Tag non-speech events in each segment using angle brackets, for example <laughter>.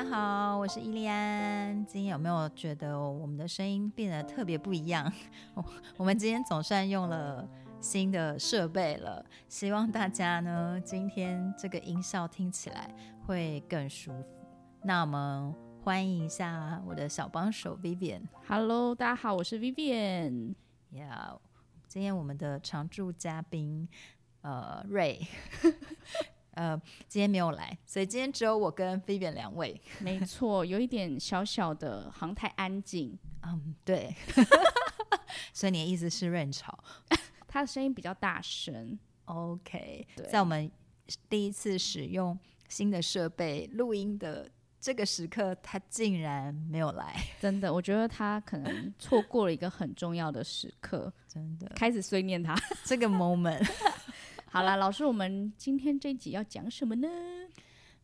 大家好，我是伊莉安。今天有沒有覺得我們的聲音變得特別不一樣？ <laughs> 我們今天總算用了新的設備了，希望大家呢，今天這個音效聽起來會更舒服。那我們歡迎一下我的小幫手 Vivian。Hello，大家好，我是 Vivian。Yeah，今天我們的常駐嘉賓呃 Ray。 <laughs> 呃，今天沒有來，所以今天只有我跟菲比兩位。沒錯，有一點小小的航太安靜。 <laughs> 嗯，對。 <laughs> 所以你的意思是潤潮， <laughs> 他的聲音比較大聲。OK，對在我們第一次使用新的設備錄音的這個時刻，他竟然沒有來，真的，我覺得他可能錯過了一個很重要的時刻。 <laughs> 真的，開始碎念他這個 moment。 <laughs> 好啦，老師，我們今天這一集要講什麼呢？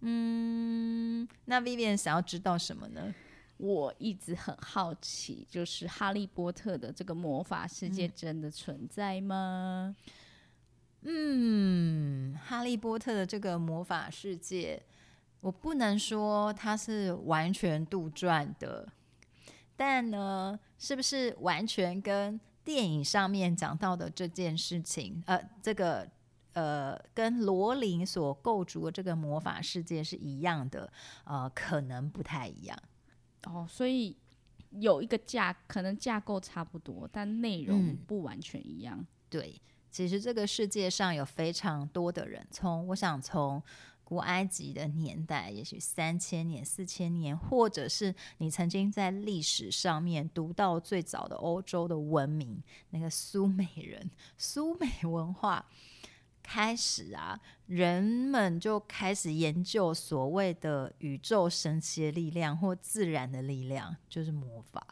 嗯，那 Vivian 想要知道什麼呢？我一直很好奇，就是《哈利波特》的這個魔法世界真的存在嗎？嗯，《哈利波特》的這個魔法世界，我不能說它是完全杜撰的，但呢，是不是完全跟電影上面講到的這件事情，呃，這個？呃，跟羅琳所構築的這個魔法世界是一樣的，呃，可能不太一樣哦。所以有一個架，可能架構差不多，但內容不完全一樣。嗯，對，其實這個世界上有非常多的人，從我想從古埃及的年代，也許三千年、四千年，或者是你曾經在歷史上面讀到最早的歐洲的文明，那個蘇美人、蘇美文化。開始啊，人們就開始研究所謂的宇宙神奇的力量，或自然的力量，就是魔法。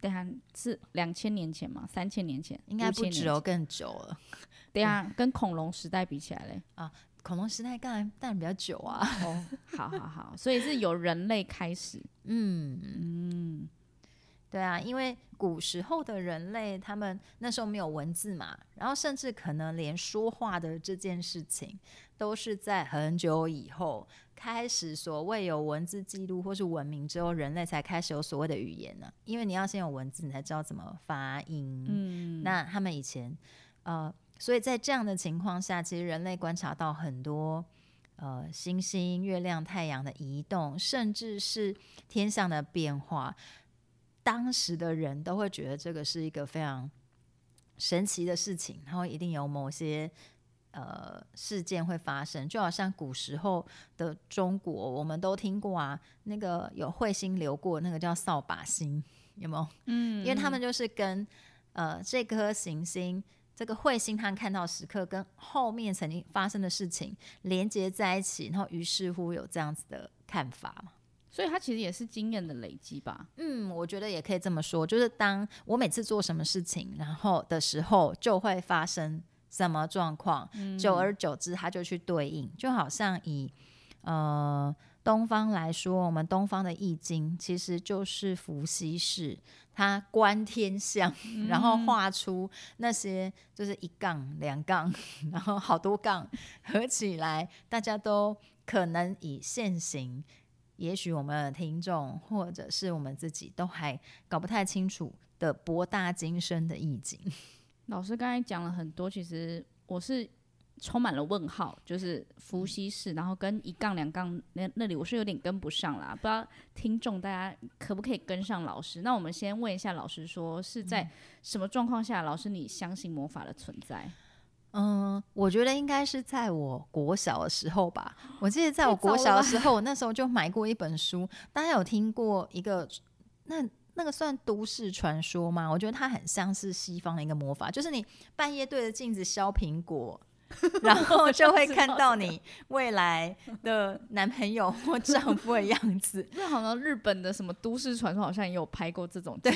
等下是兩千年前嘛，三千年前？應該不止哦，更久了。對啊，跟恐龍時代比起來嘞啊，恐龍時代當然當然比較久啊。哦，好好好， <laughs> 所以是由人類開始，嗯嗯。嗯對啊，因為古時候的人類，他們那時候沒有文字嘛，然後甚至可能連說話的這件事情，都是在很久以後開始。所謂有文字記錄或是文明之後，人類才開始有所謂的語言呢、啊。因為你要先有文字，你才知道怎麼發音。嗯，那他們以前，呃，所以在這樣的情況下，其實人類觀察到很多呃星星、月亮、太陽的移動，甚至是天象的變化。當時的人都會覺得這個是一個非常神奇的事情，然後一定有某些呃事件會發生，就好像古時候的中國，我們都聽過啊，那個有彗星流過，那個叫掃把星，有沒有？嗯，因為他們就是跟呃這顆行星、這個彗星，他們看到時刻跟後面曾經發生的事情連接在一起，然後於是乎有這樣子的看法。所以它其實也是經驗的累積吧。嗯，我覺得也可以這麼說，就是當我每次做什麼事情，然後的時候就會發生什麼狀況，嗯、久而久之，它就去對應，就好像以呃東方來說，我們東方的易經其實就是伏羲氏他觀天象，然後畫出那些就是一槓、兩槓，然後好多槓合起來，大家都可能以現行。也許我們的聽眾或者是我們自己都還搞不太清楚的博大精深的意境，老師剛才講了很多，其實我是充滿了問號，就是伏羲氏，然後跟一槓兩槓那那裡，我是有點跟不上啦。不知道聽眾大家可不可以跟上老師？那我們先問一下老師說，說是在什麼狀況下，老師你相信魔法的存在？嗯，我覺得應該是在我國小的時候吧。我記得在我國小的時候，欸、我那時候就買過一本書。大家有聽過一個那那個算都市傳說嗎？我覺得它很像是西方的一個魔法，就是你半夜對着鏡子削蘋果， <laughs> 然後就會看到你未來的男朋友或丈夫的樣子。 <laughs> 那好像日本的什麼都市傳說，好像也有拍過這種對，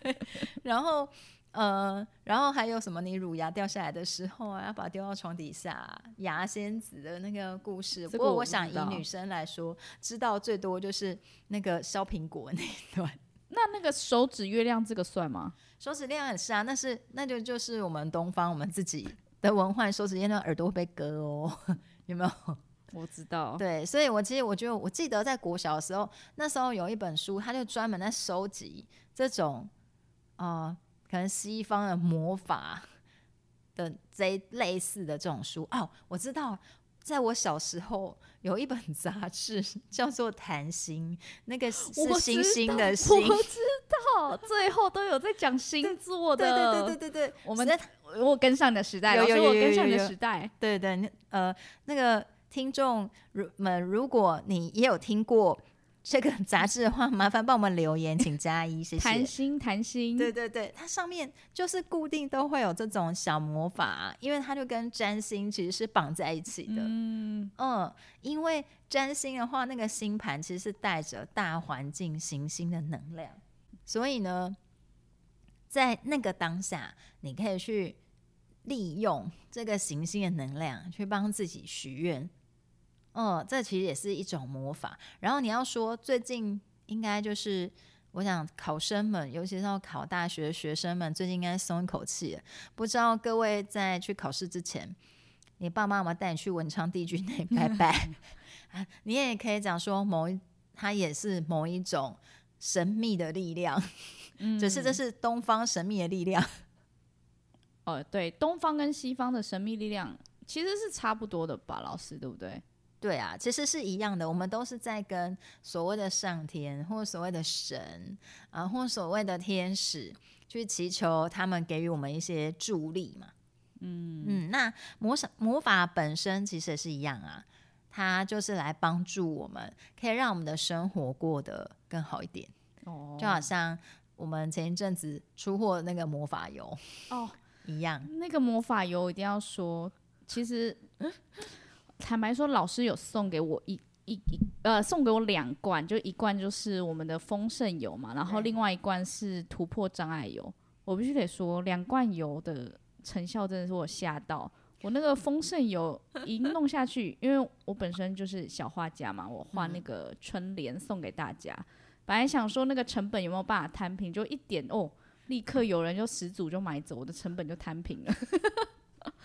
對 <laughs> 然後。呃，然後還有什麼？你乳牙掉下來的時候啊，要把它丟到床底下，啊，牙仙子的那個故事。不，不過我想以女生來說，知道最多就是那個削蘋果那一段。那那個手指月亮這個算嗎？手指月亮也是啊，那是那就就是我們東方我們自己的文化，手指月亮耳朵會被割哦，有沒有？我知道。對，所以我其實我覺得我記得在國小的時候，那時候有一本書，它就專門在收集這種啊。呃可能西方的魔法的這類似的這種書哦，我知道，在我小時候有一本雜誌叫做《談星》，那個是星星的星。我知道，我知道，最後都有在講星座的。對，對對對對對，我們在我跟上的時代，有我跟上的時代，對對，呃，那個聽眾如們，如果你也有聽過。這個雜誌的話，麻煩幫我們留言，請加一，謝謝。談心，談心，對對對，它上面就是固定都會有這種小魔法啊，因為它就跟占星其實是綁在一起的。嗯嗯，因為占星的話，那個星盤其實是帶着大環境行星的能量，所以呢，在那個當下，你可以去利用這個行星的能量去幫自己許願。嗯、哦，這其實也是一種魔法。然後你要說，最近應該就是我想考生們，尤其是要考大學的學生們，最近應該鬆一口氣。不知道各位在去考試之前，你爸爸媽媽帶你去文昌帝君那拜拜？嗯、 <laughs> 你也可以講說某，某它也是某一種神秘的力量，嗯，只是這是東方神秘的力量，嗯。哦，對，東方跟西方的神秘力量其實是差不多的吧，老師，對不對？對啊，其實是一樣的，我們都是在跟所謂的上天，或所謂的神，啊，或所謂的天使去祈求他們給予我們一些助力嘛。嗯嗯，那魔魔法本身其實也是一樣啊，它就是來幫助我們，可以讓我們的生活過得更好一點。哦，就好像我們前一陣子出貨的那個魔法油哦一樣，那個魔法油一定要說，其實。嗯 <laughs> 坦白說，老師有送給我一、一、一，呃，送給我兩罐，就一罐就是我們的豐盛油嘛，然後另外一罐是突破障礙油。我必須得說，兩罐油的成效真的是我嚇到。我那個豐盛油一弄下去，因為我本身就是小畫家嘛，我畫那個春聯送給大家，本來想說那個成本有沒有辦法攤平，就一點哦，立刻有人就十組就買走，我的成本就攤平了。 <laughs>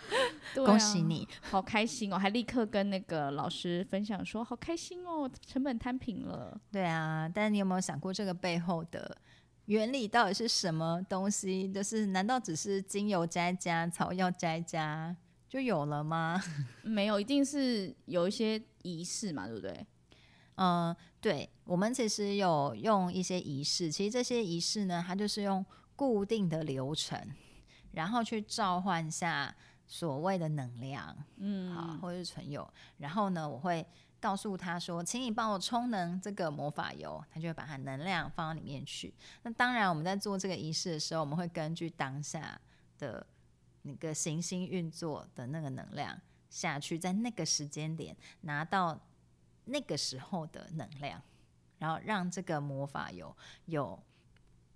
<laughs> 啊、恭喜你，好開心哦！還立刻跟那個老師分享說：“好開心哦，成本攤平了。”對啊，但你有沒有想過這個背後的原理到底是什麼東西？就是難道只是精油加加草藥加加就有了嗎？ <laughs> 沒有，一定是有一些儀式嘛，對不對？嗯，對，我們其實有用一些儀式。其實這些儀式呢，它就是用固定的流程，然後去召喚一下。所謂的能量，嗯，好，或是存有。然後呢，我會告訴他說：“請你幫我充能這個魔法油。”他就會把它能量放到裡面去。那當然，我們在做這個儀式的時候，我們會根據當下的那個行星運作的那個能量下去，在那個時間點拿到那個時候的能量，然後讓這個魔法油有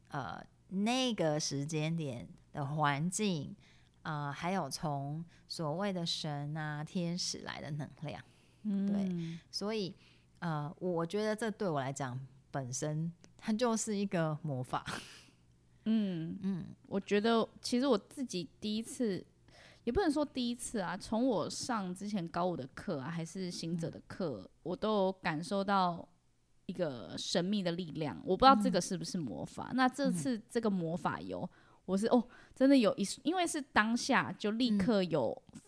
呃那個時間點的環境。啊、呃，還有從所謂的神啊、天使來的能量，嗯、對，所以呃，我覺得這對我來講本身它就是一個魔法。嗯嗯，嗯我覺得其實我自己第一次也不能說第一次啊，從我上之前高五的課啊，還是行者的課，嗯、我都有感受到一個神秘的力量。我不知道這個是不是魔法。嗯、那這次這個魔法有、嗯我是哦，真的有一，因為是當下就立刻有、嗯、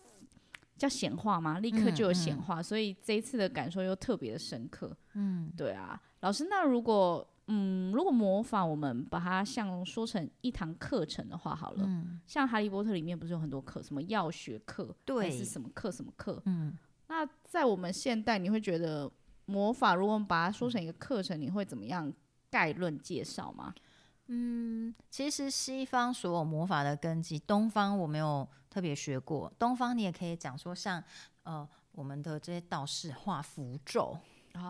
叫顯化嘛，立刻就有顯化，嗯嗯、所以這一次的感受又特別的深刻。嗯，對啊，老師，那如果嗯，如果魔法我們把它像說成一堂課程的話，好了，嗯、像哈利波特裡面不是有很多課，什麼藥學課，對，還是什麼課，什麼課？嗯，那在我們現代，你會覺得魔法如果我們把它說成一個課程，你會怎麼樣概論介紹嗎？嗯，其實西方所有魔法的根基，東方我沒有特別學過。東方你也可以講說像，像呃，我們的這些道士畫符咒，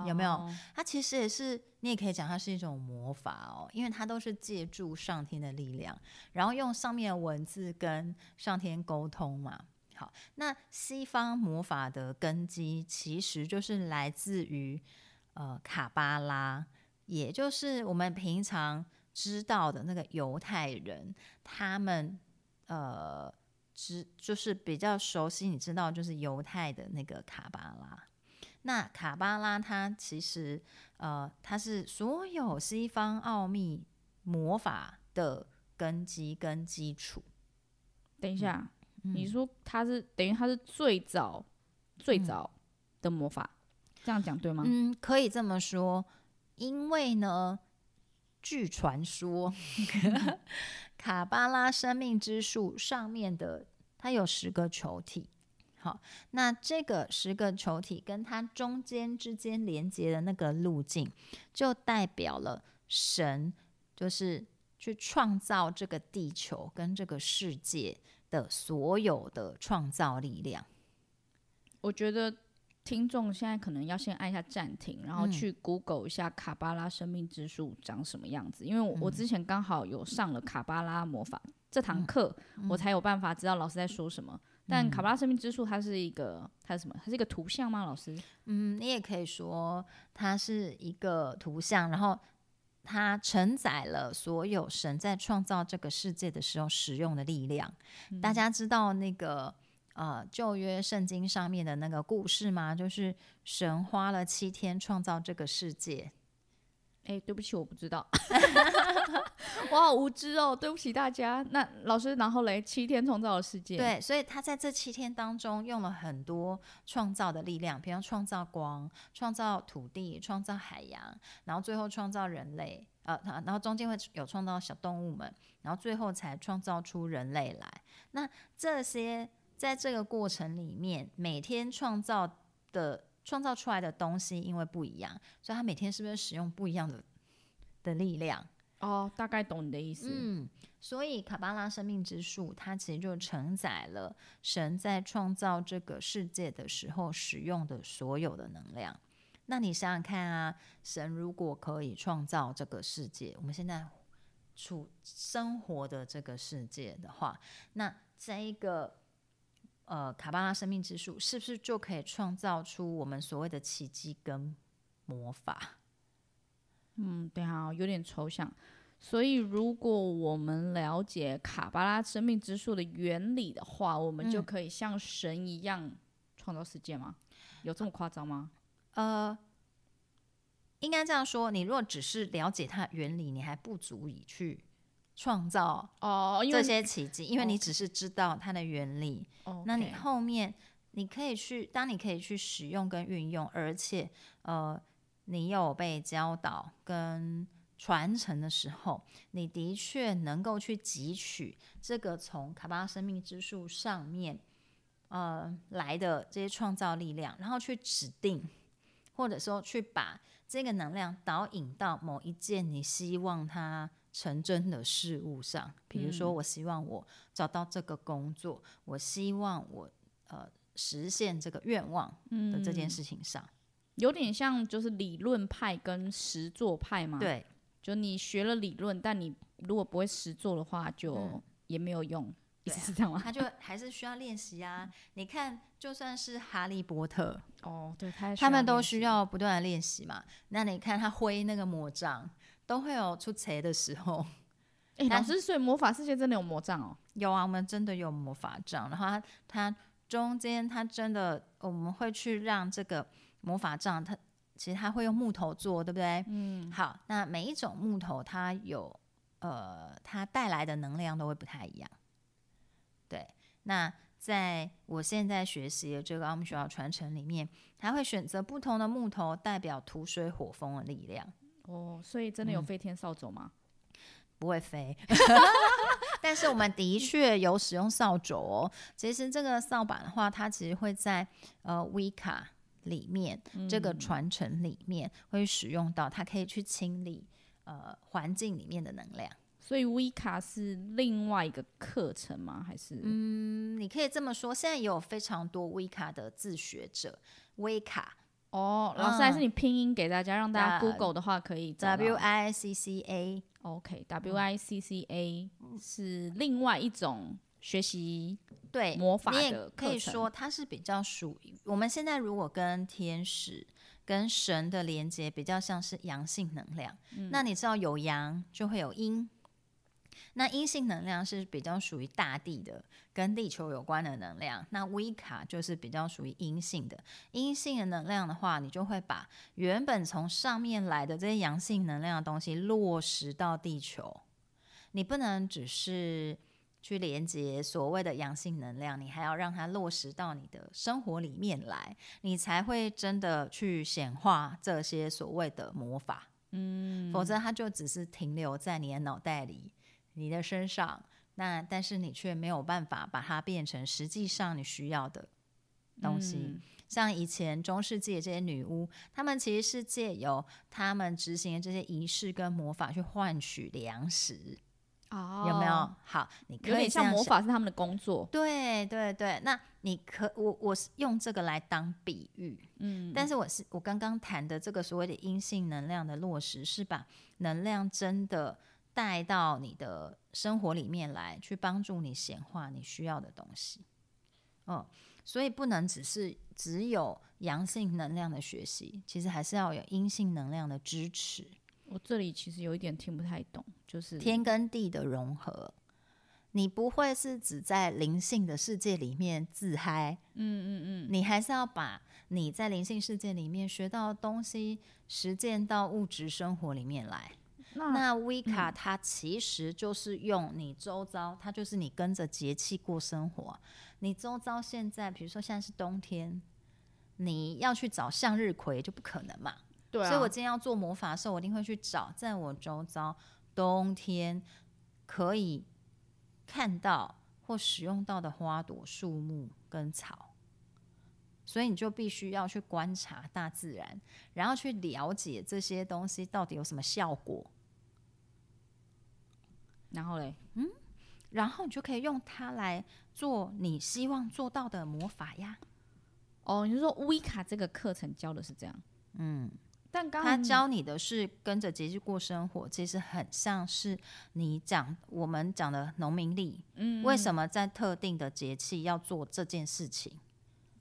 有沒有？哦、它其實也是，你也可以講它是一種魔法哦，因為它都是借助上天的力量，然後用上面的文字跟上天溝通嘛。好，那西方魔法的根基其實就是來自於呃卡巴拉，也就是我們平常。知道的那個猶太人，他們呃，知就是比較熟悉，你知道，就是猶太的那個卡巴拉。那卡巴拉它其實呃，它是所有西方奧秘魔法的根基跟基礎。等一下，嗯、你說它是等於它是最早、嗯、最早的魔法，嗯、這樣講對嗎？嗯，可以這麼說，因為呢。據傳說， <laughs> 卡巴拉生命之樹上面的，它有十個球體。好，那這個十個球體跟它中間之間連接的那個路徑，就代表了神，就是去創造這個地球跟這個世界的所有的創造力量。我覺得。聽眾現在可能要先按一下暫停，然後去 Google 一下卡巴拉生命之樹長什麼樣子，嗯、因為我我之前剛好有上了卡巴拉魔法、嗯、這堂課，我才有辦法知道老師在說什麼。嗯、但卡巴拉生命之樹它是一個，它是什麼？它是一個圖像嗎？老師？嗯，你也可以說它是一個圖像，然後它承載了所有神在創造這個世界的時候使用的力量。嗯、大家知道那個。呃，舊約聖經上面的那個故事嗎？就是神花了七天創造這個世界。哎、欸，對不起，我不知道， <laughs> <laughs> 我好無知哦，對不起大家。那老師，然後來七天創造了世界。對，所以他在這七天當中用了很多創造的力量，比如創造光、創造土地、創造海洋，然後最後創造人類。呃，然後中間會有創造小動物們，然後最後才創造出人類來。那這些。在這個過程裡面，每天創造的創造出來的東西因為不一樣，所以他每天是不是使用不一樣的的力量？哦，大概懂你的意思。嗯，所以卡巴拉生命之樹，它其實就承載了神在創造這個世界的時候使用的所有的能量。那你想想看啊，神如果可以創造這個世界，我們現在處生活的這個世界的話，那這一個呃，卡巴拉生命之樹是不是就可以創造出我們所謂的奇蹟跟魔法？嗯，對啊，有點抽象。所以，如果我們了解卡巴拉生命之樹的原理的話，我們就可以像神一樣創造世界嗎？嗯。有這麼誇張嗎？呃，應該這樣說。你如果只是了解它原理，你還不足以去。創造哦，這些奇蹟，oh, 因為，因為你只是知道它的原理。Okay. 那你後面你可以去。當你可以去使用跟運用，而且呃，你有被教導跟傳承的時候，你的確能夠去汲取這個從卡巴拉生命之樹上面呃來的這些創造力量，然後去指定，或者說去把這個能量導引到某一件你希望它。成真的事物上，比如說，我希望我找到這個工作，嗯、我希望我呃實現這個願望的這件事情上，嗯、有點像就是理論派跟實做派嘛，對，就你學了理論，但你如果不會實做的話，就也沒有用，嗯、對，是這樣嗎？他就還是需要練習啊。你看，就算是哈利波特，哦，對，他，他們都需要不斷的練習嘛。那你看他揮那個魔杖。都會有出差的時候。欸、但老師，所以魔法世界真的有魔杖哦？有啊，我們真的有魔法杖。然後它，它中間，它真的我們會去讓這個魔法杖，它其實它會用木頭做，對不對？嗯。好，那每一種木頭，它有呃，它帶來的能量都會不太一樣。對。那在我現在學習的這個奧秘學校傳承裡面，它會選擇不同的木頭代表土、水、火、風的力量。哦，oh, 所以真的有飛天掃帚嗎？嗯、不會飛， <laughs> <laughs> 但是我們的確有使用掃帚哦。其實這個掃把的話，它其實會在呃 Wicca 裡面、嗯、這個傳承裡面會使用到，它可以去清理呃環境裡面的能量。所以 Wicca 是另外一個課程嗎？還是嗯，你可以這麼說。現在也有非常多 Wicca 的自學者，Wicca。哦，老師還是你拼音給大家，嗯、讓大家 Google 的話可以 W I C C A，OK，W、okay, I C C A 是另外一種學習對魔法的課程，可以說它是比較屬於，我們現在如果跟天使跟神的連接比較像是陽性能量，嗯、那你知道有陽就會有陰。那陰性能量是比較屬於大地的，跟地球有關的能量。那威卡就是比較屬於陰性的。陰性的能量的話，你就會把原本從上面來的這些陽性能量的東西落實到地球。你不能只是去連接所謂的陽性能量，你還要讓它落實到你的生活裡面來，你才會真的去顯化這些所謂的魔法。嗯，否則它就只是停留在你的腦袋裡。你的身上，那但是你卻沒有辦法把它變成實際上你需要的東西。嗯，像以前中世紀的這些女巫，她們其實是借由她們執行的這些儀式跟魔法去換取糧食。哦，有沒有？好，你可以。有點像魔法是他們的工作。對對對，那你可我我是用這個來當比喻。嗯，但是我是我剛剛談的這個所謂的陰性能量的落實，是把能量真的。帶到你的生活裡面來，去幫助你顯化你需要的東西。嗯、哦，所以不能只是只有陽性能量的學習，其實還是要有陰性能量的支持。我這裡其實有一點聽不太懂，就是天跟地的融合。你不會是只在靈性的世界裡面自嗨？嗯嗯嗯，你還是要把你在靈性世界裡面學到的東西，實踐到物質生活裡面來。那，那威卡它其實就是用你周遭，嗯、它就是你跟着節氣過生活。你周遭現在，比如說現在是冬天，你要去找向日葵就不可能嘛。對、啊。所以我今天要做魔法的時候，我一定會去找在我周遭冬天可以看到或使用到的花朵、樹木跟草。所以你就必須要去觀察大自然，然後去了解這些東西到底有什麼效果。然後嘞，嗯，然後你就可以用它來做你希望做到的魔法呀。哦，你就說威卡這個課程教的是這樣？嗯，但剛他教你的是跟着節氣過生活，其實很像是你講我們講的農民曆。嗯，為什麼在特定的節氣要做這件事情？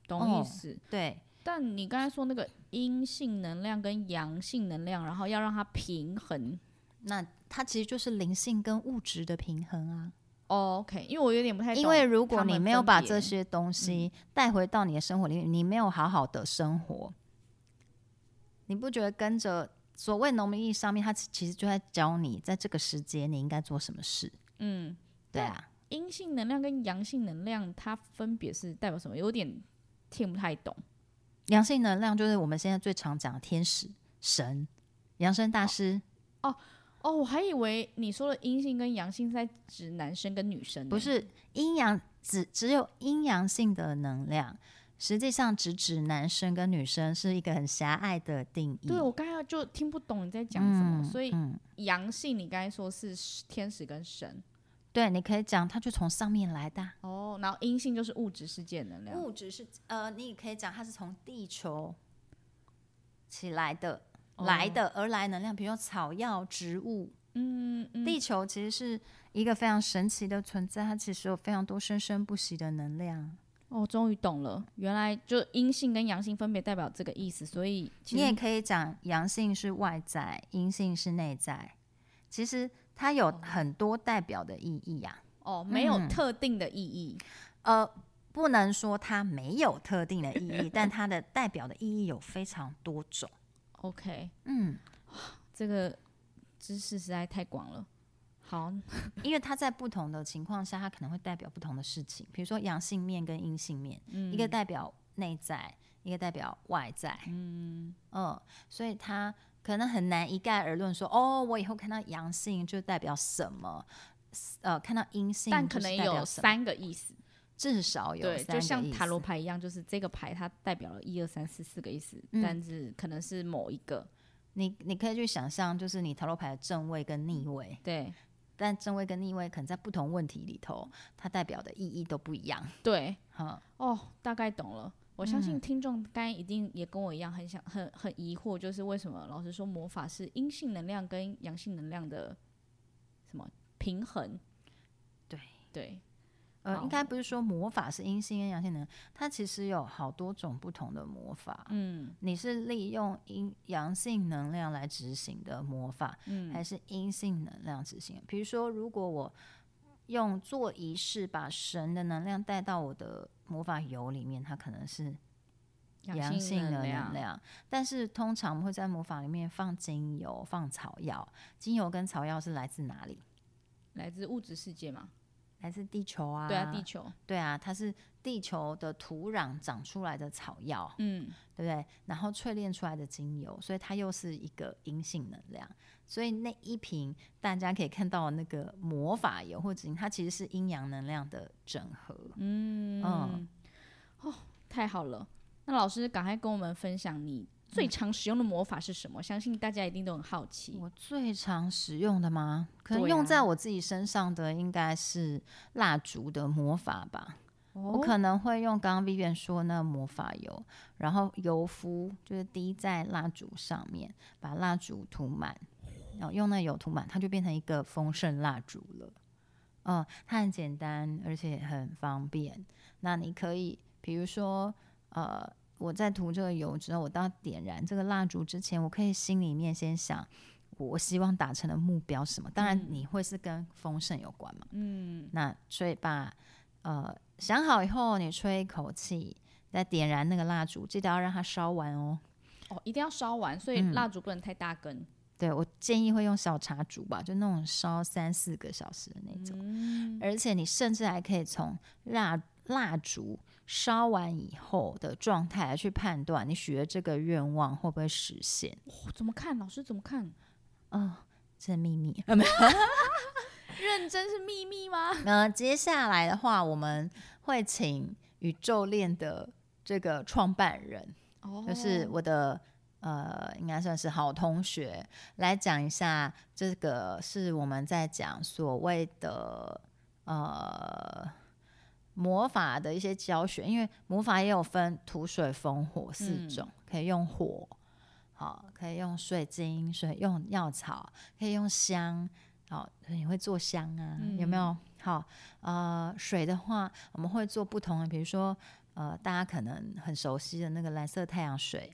懂意思？哦、對。但你剛才說那個陰性能量跟陽性能量，然後要讓它平衡。那它其實就是靈性跟物質的平衡啊。Oh, OK，因為我有點不太懂，因為如果你沒有把這些東西帶回到你的生活裡面，嗯、你沒有好好的生活，你不覺得跟着所謂農民曆上面，他其實就在教你，在這個時節你應該做什麼事？嗯，對啊。陰性能量跟陽性能量，它分別是代表什麼？有點聽不太懂。陽、嗯、性能量就是我們現在最常講的天使、神、揚升大師哦。哦哦，我還以為你說的陰性跟陽性在指男生跟女生。不是陰陽，只只有陰陽性的能量，實際上只指男生跟女生是一個很狹隘的定義。對，我剛剛就聽不懂你在講什麼，嗯，所以陽性你剛才說是天使跟神，對，你可以講它就從上面來的啊。哦，然後陰性就是物質世界能量，物質是呃，你也可以講它是從地球起來的。來的而來的能量，比如說草藥、植物，嗯，嗯，地球其實是一個非常神奇的存在，它其實有非常多生生不息的能量。哦，終於懂了，原來就陰性跟陽性分別代表這個意思，所以你也可以講，陽性是外在，陰性是內在。其實它有很多代表的意義呀、啊。哦，沒有特定的意義、嗯，呃，不能說它沒有特定的意義， <laughs> 但它的代表的意義有非常多種。OK，嗯，這個知識實在太廣了。好， <laughs> 因為它在不同的情況下，它可能會代表不同的事情。比如說陽性面跟陰性面，嗯、一個代表內在，一個代表外在。嗯，嗯，所以他可能很難一概而論說，哦，我以後看到陽性就代表什麼，呃，看到陰性，但可能有三個意思。至少有三個意思。對，就像塔羅牌一樣，就是這個牌它代表了一二三四四個意思，嗯、但是可能是某一個。你你可以去想象，就是你塔羅牌的正位跟逆位。對。但正位跟逆位，可能在不同問題裡頭，它代表的意義都不一樣。對。呵哦，大概懂了。我相信聽眾大家一定也跟我一樣很，很想很很疑惑，就是為什麼老師說魔法是陰性能量跟陽性能量的什麼平衡？對對。對呃，好應該不是說魔法是陰性跟陽性能量，它其實有好多種不同的魔法。嗯，你是利用陰陽性能量來執行的魔法，嗯，還是陰性能量執行？比如說，如果我用做儀式把神的能量帶到我的魔法油裡面，它可能是陽性能量。能量但是通常我們會在魔法裡面放精油、放草藥。精油跟草藥是來自哪裡？來自物質世界嗎？還是地球啊，對啊，地球，對啊，它是地球的土壤長出來的草藥，嗯，對不對？然後淬煉出來的精油，所以它又是一個陰性能量。所以那一瓶大家可以看到那個魔法油，或者它其實是陰陽能量的整合。嗯，嗯哦，太好了，那老師趕快跟我們分享你。最常使用的魔法是什麼？相信大家一定都很好奇。我最常使用的嗎？可能用在我自己身上的應該是蠟燭的魔法吧。哦、我可能會用剛剛 Vivian 說的那個魔法油，然後油敷，就是滴在蠟燭上面，把蠟燭塗滿，然後用那油塗滿，它就變成一個豐盛蠟燭了。嗯、呃，它很簡單，而且很方便。那你可以，比如說，呃。我在塗這個油之後，我,我到點燃這個蠟燭之前，我可以心裡面先想，我希望達成的目標是什麼？當然你會是跟豐盛有關嘛。嗯，那所以吧，呃，想好以後你吹一口氣，再點燃那個蠟燭，記得要讓它燒完哦。哦，一定要燒完，所以蠟燭不能太大根。嗯，對，我建議會用小茶燭吧，就那種燒三四個小時的那種。嗯。而且你甚至還可以從蠟蠟燭。燒完以後的狀態來去判斷你許的這個願望會不會實現？哦、怎麼看？老師怎麼看？啊、呃，這秘密。 <laughs> <laughs> 認真是秘密嗎？那、嗯、接下來的話，我們會請宇宙鏈的這個創辦人，哦、就是我的呃，應該算是好同學來講一下。這個是我們在講所謂的呃。魔法的一些教學，因為魔法也有分土、水、風、火四種，嗯、可以用火，好，可以用水晶，水用藥草，可以用香，好，你會做香啊？嗯、有沒有？好，呃，水的話，我們會做不同的，比如說，呃，大家可能很熟悉的那個藍色太陽水。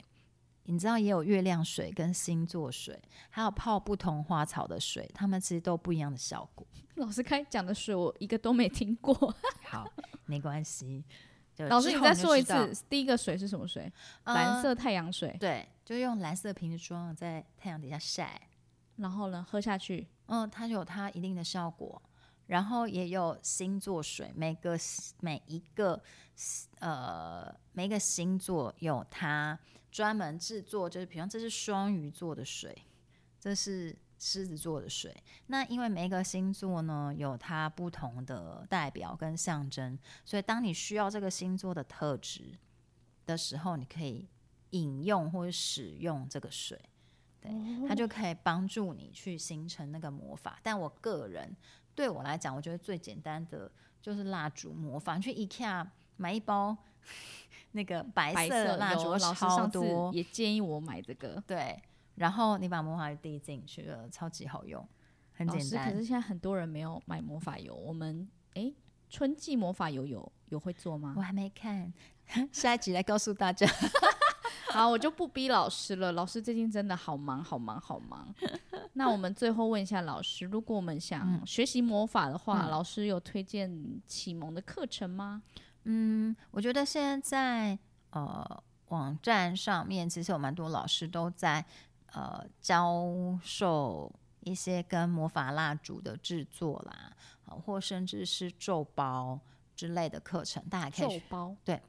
你知道也有月亮水跟星座水，還有泡不同花草的水，它們其實都不一樣的效果。老師剛才講的水，我一個都沒聽過。 <laughs> 好，沒關係。老師，你，你再說一次，第一個水是什麼水？呃、藍色太陽水。對，就用藍色的瓶子裝，在太陽底下曬，然後呢喝下去，嗯，它有它一定的效果。然後也有星座水，每個每一個呃，每一個星座有它。專門製作就是，比方，這是雙魚座的水，這是獅子座的水。那因為每一個星座呢，有它不同的代表跟象徵，所以當你需要這個星座的特質的時候，你可以引用或者使用這個水，對，它就可以幫助你去形成那個魔法。哦、但我個人對我來講，我覺得最簡單的就是蠟燭魔法，你去 IKEA 買一包。那個白色蠟燭，超多，老師上次也建議我買這個。對，然後你把魔法遞進去了，超級好用，很簡單。可是現在很多人沒有買魔法油。我們哎，春季魔法油有有會做嗎？我還沒看，下一集來告訴大家。 <laughs> <laughs> 好，我就不逼老師了。老師最近真的好忙，好忙，好忙。 <laughs> 那我們最後問一下老師，如果我們想學習魔法的話，嗯、老師有推薦啟蒙的課程嗎？嗯，我覺得現在呃網站上面其實有蠻多老師都在呃教授一些跟魔法蠟燭的制作啦，呃，或甚至是咒包之類的課程，大家可以咒包對，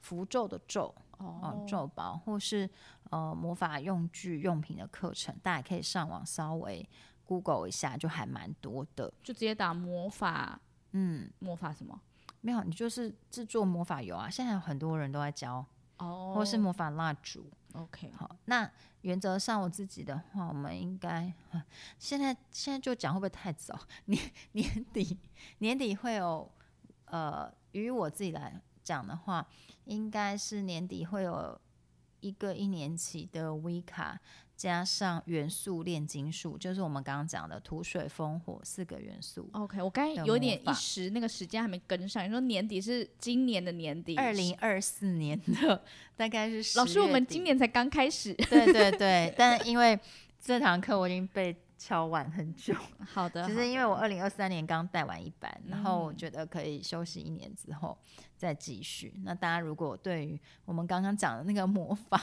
符咒的咒哦，呃、咒包，或是呃魔法用具用品的課程，大家也可以上網稍微 Google 一下，就還蠻多的，就直接打魔法嗯魔法什麼。嗯沒有，你就是製作魔法油啊！現在有很多人都在教，oh, okay. 或是魔法蠟燭。OK，好，那原則上我自己的話，我們應該現在現在就講，會不會太早？年年底年底會有呃，於我自己來講的話，應該是年底會有一個一年期的 Wicca。加上元素煉金術，就是我們剛剛講的土水風火四個元素。OK，我剛才有點一時那個時間還沒跟上，你、就是、說，年底是今年的年底，二零二四年的是大概是？老師，我們今年才剛開始。對對對， <laughs> 但因為這堂課我已經被敲完很久。好的，好的，其實因為我二零二三年剛帶完一班，然後我覺得可以休息一年之後再繼續。嗯、那大家如果對於我們剛剛講的那個魔法，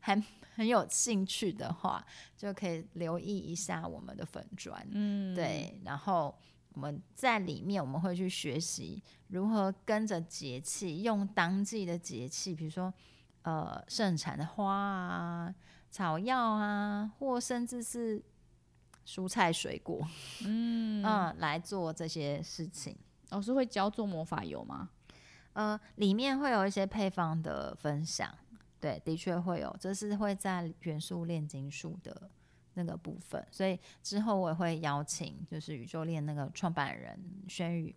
很很有興趣的話，就可以留意一下我們的粉專，嗯，對。然後我們在裡面，我們會去學習如何跟着節氣，用當季的節氣，比如說呃，盛產的花啊、草藥啊，或甚至是蔬菜水果，嗯嗯、呃，來做這些事情。老師、哦、會教做魔法油嗎？呃，裡面會有一些配方的分享。對，的確會有，這是會在元素煉金術的那個部分，所以之後我也會邀請，就是宇宙煉那個創辦人軒宇，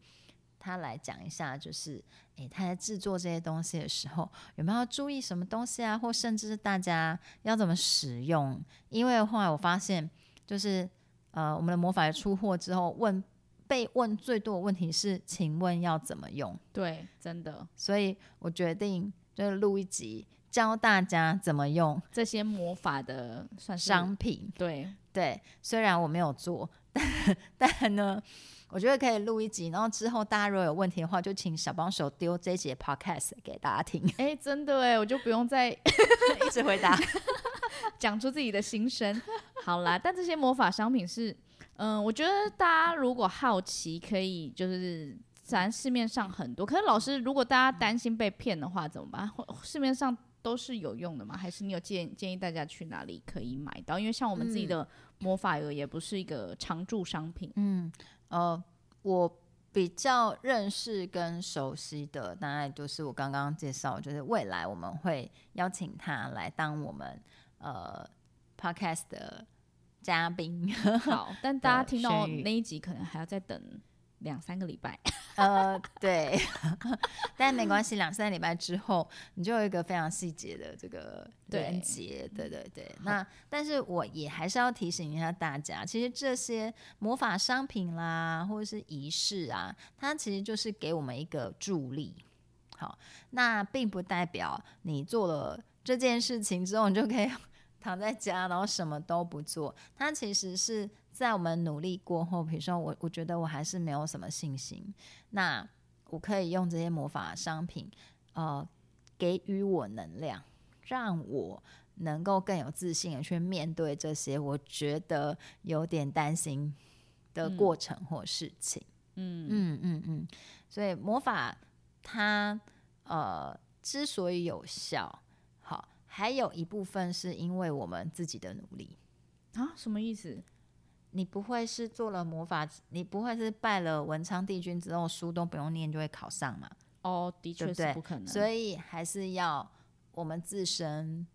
他來講一下，就是誒，他在製作這些東西的時候有沒有注意什麼東西啊，或甚至是大家要怎麼使用？因為後來我發現，就是呃，我們的魔法出貨之後，問被問最多的問題是，請問要怎麼用？對，真的，所以我決定就是錄一集。教大家怎麼用這些魔法的商品，對對，雖然我沒有做，但，但呢，我覺得可以錄一集，然後之後大家如果有問題的話，就請小幫手丟這些 podcast 給大家聽。哎、欸，真的哎、欸，我就不用再 <laughs> 一直回答，講 <laughs> 出自己的心聲。好啦，但這些魔法商品是，嗯、呃，我覺得大家如果好奇，可以就是咱市面上很多。可是老師，如果大家擔心被騙的話，怎麼辦？或市面上都是有用的嗎？還是你有建建議大家去哪裡可以買到？因為像我們自己的魔法鵝也不是一個常駐商品。嗯，呃，我比較認識跟熟悉的，大概就是我剛剛介紹，就是未來我們會邀請他來當我們呃 Podcast 的嘉賓。好，但大家聽到那一集可能還要再等。兩三個禮拜，呃，對， <laughs> 但沒關係，兩三個禮拜之後你就有一個非常細節的這個連接，嗯，對對對。嗯、那好但是我也還是要提醒一下大家，其實這些魔法商品啦，或者是儀式啊，它其實就是給我們一個助力。好，那並不代表你做了這件事情之後，你就可以躺在家，然後什麼都不做。它其實是。在我們努力過後，比如說我，我覺得我還是沒有什麼信心。那我可以用這些魔法商品，呃，給予我能量，讓我能夠更有自信的去面對這些我覺得有點擔心的過程或事情。嗯嗯嗯嗯，所以魔法它呃之所以有效，好，還有一部分是因為我們自己的努力啊？什麼意思？你不會是做了魔法，你不會是拜了文昌帝君之後書都不用念就會考上嘛？哦，的確是不可能對不對，所以還是要我們自身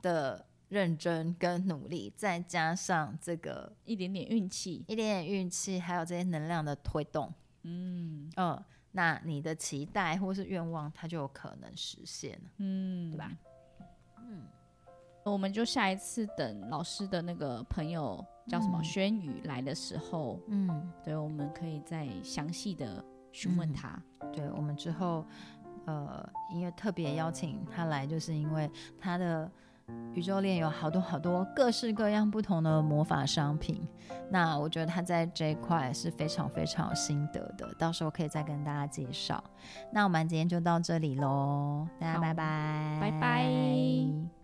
的認真跟努力，再加上這個一點點運氣，一點點運氣，還有這些能量的推動，嗯，哦、呃，那你的期待或是願望，它就有可能實現了，嗯，對吧？嗯，我們就下一次等老師的那個朋友。叫什麼？軒宇來的時候，嗯，對，我們可以再詳細的詢問他。嗯、對，我們之後，呃，因為特別邀請他來，就是因為他的宇宙鏈有好多好多各式各樣不同的魔法商品。那我覺得他在這一塊是非常非常有心得的，到時候可以再跟大家介紹。那我們今天就到這裡嘍，大家拜拜，好拜拜。拜拜。